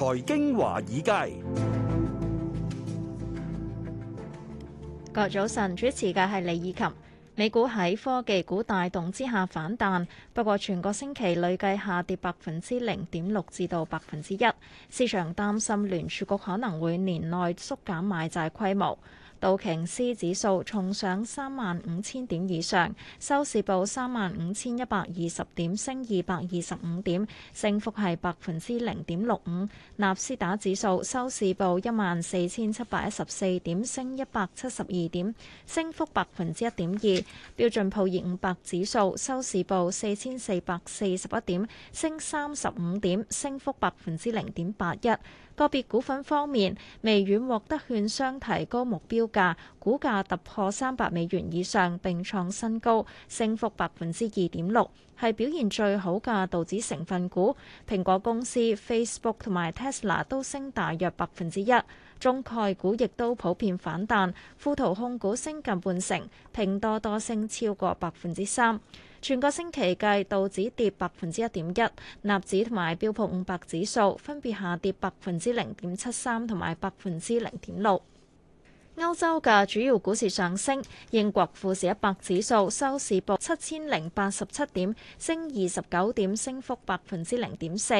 財經華爾街。各早晨，主持嘅係李以琴。美股喺科技股帶動之下反彈，不過全個星期累計下跌百分之零點六至到百分之一。市場擔心聯儲局可能會年內縮減買債規模。道瓊斯指數重上三萬五千點以上，收市報三萬五千一百二十點，升二百二十五點，升幅係百分之零點六五。納斯達指數收市報一萬四千七百一十四點，升一百七十二點，升幅百分之一點二。標準普爾五百指數收市報四千四百四十一點，升三十五點，升幅百分之零點八一。個別股份方面，微軟獲得券商提高目標價，股價突破三百美元以上，並創新高，升幅百分之二點六，係表現最好嘅道指成分股。蘋果公司、Facebook 同埋 Tesla 都升大約百分之一。中概股亦都普遍反彈，富途控股升近半成，拼多多升超過百分之三。全個星期計，道指跌百分之一點一，納指同埋標普五百指數分別下跌百分之零點七三同埋百分之零點六。歐洲嘅主要股市上升，英國富時一百指數收市報七千零八十七點，升二十九點，升幅百分之零點四；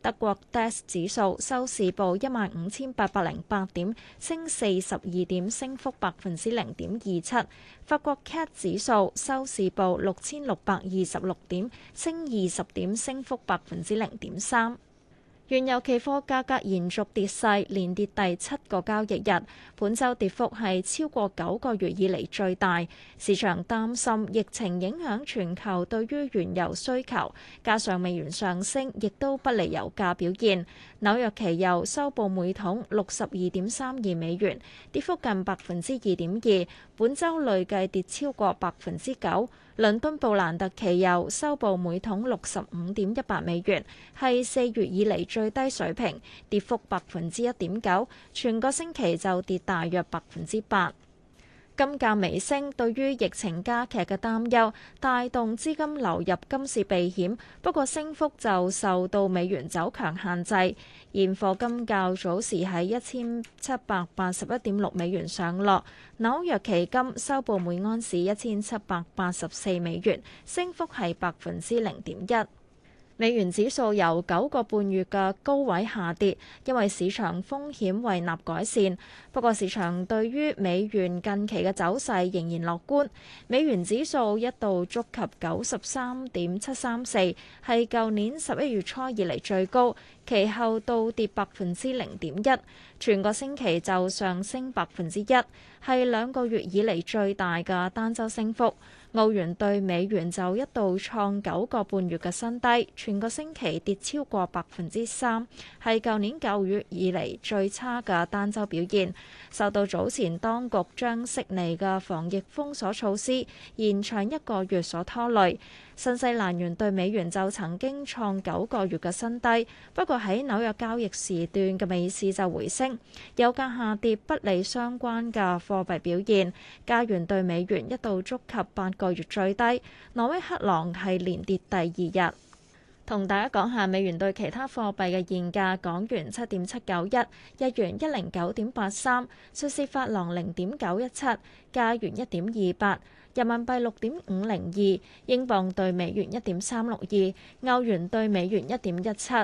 德國 DAX 指數收市報一萬五千八百零八點，升四十二點，升幅百分之零點二七；法國 CAC 指數收市報六千六百二十六點，升二十點，升幅百分之零點三。原油期貨價格延續跌勢，連跌第七個交易日，本周跌幅係超過九個月以嚟最大。市場擔心疫情影響全球對於原油需求，加上美元上升，亦都不利油價表現。紐約期油收報每桶六十二點三二美元，跌幅近百分之二點二，本周累計跌超過百分之九。倫敦布蘭特期油收報每桶六十五點一八美元，係四月以嚟最低水平，跌幅百分之一點九，全個星期就跌大約百分之八。金價微升，對於疫情加劇嘅擔憂帶動資金流入金市避險，不過升幅就受到美元走強限制。現貨金較早時喺一千七百八十一點六美元上落，紐約期金收報每安士一千七百八十四美元，升幅係百分之零點一。美元指數由九個半月嘅高位下跌，因為市場風險胃納改善。不過，市場對於美元近期嘅走勢仍然樂觀。美元指數一度觸及九十三點七三四，係舊年十一月初以嚟最高，其後倒跌百分之零點一。全個星期就上升百分之一，係兩個月以嚟最大嘅單周升幅。澳元對美元就一度創九個半月嘅新低，全個星期跌超過百分之三，係舊年九月以嚟最差嘅單周表現，受到早前當局將悉尼嘅防疫封鎖措施延長一個月所拖累。新西蘭元對美元就曾經創九個月嘅新低，不過喺紐約交易時段嘅美市就回升。油價下跌，不利相關嘅貨幣表現，加元對美元一度觸及八個月最低，挪威克朗係連跌第二日。同大家講下美元對其他貨幣嘅現價：港元七點七九一，日元一零九點八三，瑞士法郎零點九一七，加元一點二八，人民幣六點五零二，英鎊對美元一點三六二，歐元對美元一點一七。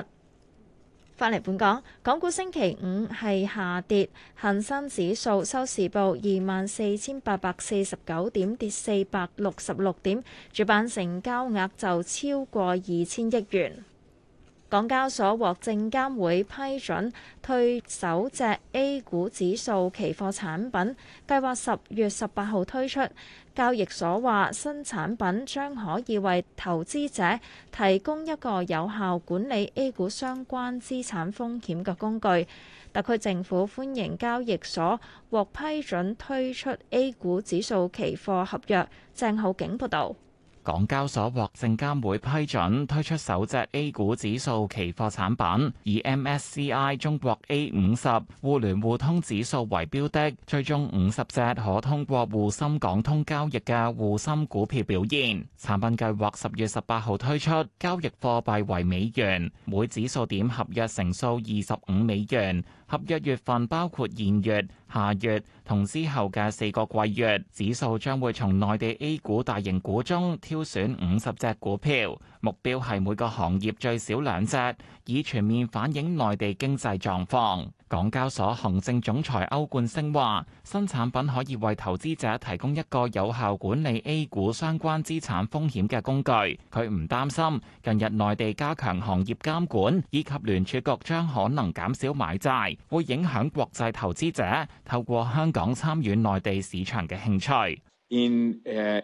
翻嚟本港，港股星期五係下跌，恒生指數收市報二萬四千八百四十九點，跌四百六十六點，主板成交額就超過二千億元。港交所獲證監會批准推首隻 A 股指數期貨產品，計劃十月十八號推出。交易所話，新產品將可以為投資者提供一個有效管理 A 股相關資產風險嘅工具。特區政府歡迎交易所獲批准推出 A 股指數期貨合約。鄭浩景報道。港交所獲證監會批准推出首隻 A 股指數期貨產品，以 MSCI 中國 A 五十互聯互通指數為標的，最終五十隻可通過滬深港通交易嘅滬深股票表現。產品計劃十月十八號推出，交易貨幣為美元，每指數點合約乘數二十五美元。合約月份包括現月、下月同之後嘅四個季月，指數將會從內地 A 股大型股中挑選五十隻股票，目標係每個行業最少兩隻，以全面反映內地經濟狀況。港交所行政總裁歐冠昇話：新產品可以為投資者提供一個有效管理 A 股相關資產風險嘅工具。佢唔擔心近日內地加強行業監管，以及聯儲局將可能減少買債，會影響國際投資者透過香港參與內地市場嘅興趣。In, uh,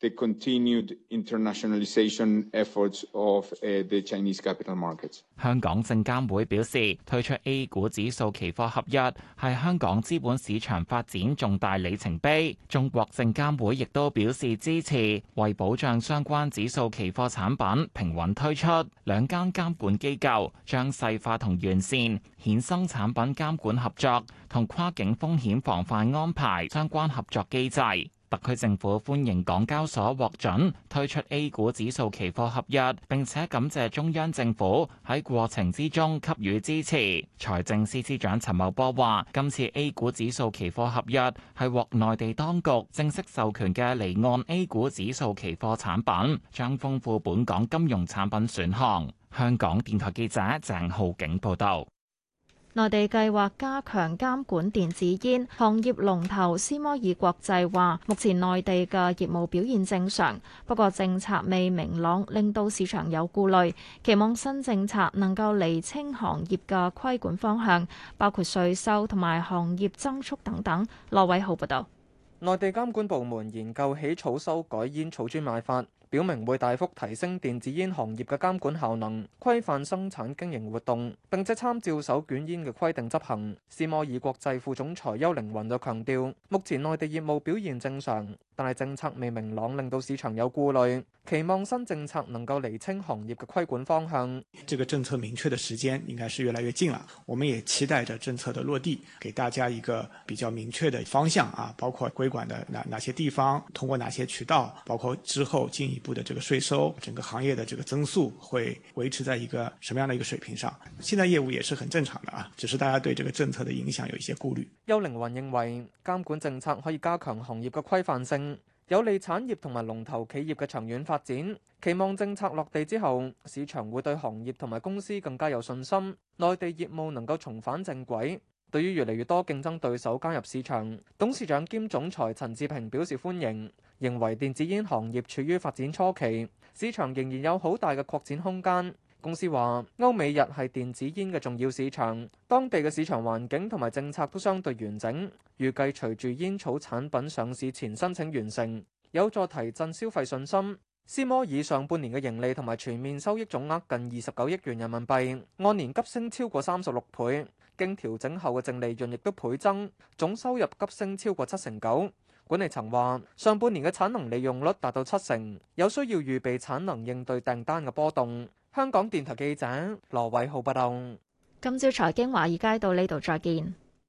the continued internationalization efforts of the Chinese capital market. 香港證監會表示，推出 A 股指數期貨合約，係香港資本市場發展重大里程碑。中國證監會亦都表示支持，為保障相關指數期貨產品平穩推出，兩間監管機構將細化同完善衍生產品監管合作同跨境風險防範安排相關合作機制。特區政府歡迎港交所獲准推出 A 股指數期貨合約，並且感謝中央政府喺過程之中給予支持。財政司司長陳茂波話，今次 A 股指數期貨合約係獲內地當局正式授權嘅離岸 A 股指數期貨產品，將豐富本港金融產品選項。香港電台記者鄭浩景報道。內地計劃加強監管電子煙，行業龍頭思摩爾國際話，目前內地嘅業務表現正常，不過政策未明朗，令到市場有顧慮。期望新政策能夠釐清行業嘅規管方向，包括稅收同埋行業增速等等。羅偉浩報道，內地監管部門研究起草修改煙草專賣法。表明會大幅提升電子煙行業嘅監管效能，規範生產經營活動，並且參照手捲煙嘅規定執行。思摩爾國際副總裁邱凌雲就強調：目前內地業務表現正常，但係政策未明朗，令到市場有顧慮。期望新政策能夠釐清行業嘅規管方向。這個政策明確的時間應該是越來越近啦，我們也期待着政策的落地，給大家一個比較明確的方向啊，包括規管的哪哪，哪些地方，通過哪些渠道，包括之後經營。部的這個稅收，整個行業的這個增速會維持在一個什麼樣的一個水平上？現在業務也是很正常的啊，只是大家對這個政策的影響有一些顧慮。邱凌雲認為監管政策可以加強行業嘅規範性，有利產業同埋龍頭企業嘅長遠發展。期望政策落地之後，市場會對行業同埋公司更加有信心，內地業務能夠重返正軌。對於越嚟越多競爭對手加入市場，董事長兼總裁陳志平表示歡迎。認為電子煙行業處於發展初期，市場仍然有好大嘅擴展空間。公司話，歐美日係電子煙嘅重要市場，當地嘅市場環境同埋政策都相對完整。預計隨住煙草產品上市前申請完成，有助提振消費信心。斯摩爾上半年嘅盈利同埋全面收益總額近二十九億元人民幣，按年急升超過三十六倍，經調整後嘅淨利潤亦都倍增，總收入急升超過七成九。管理層話，上半年嘅產能利用率達到七成，有需要預備產能應對訂單嘅波動。香港電台記者羅偉浩報道。今朝財經華爾街到呢度再見。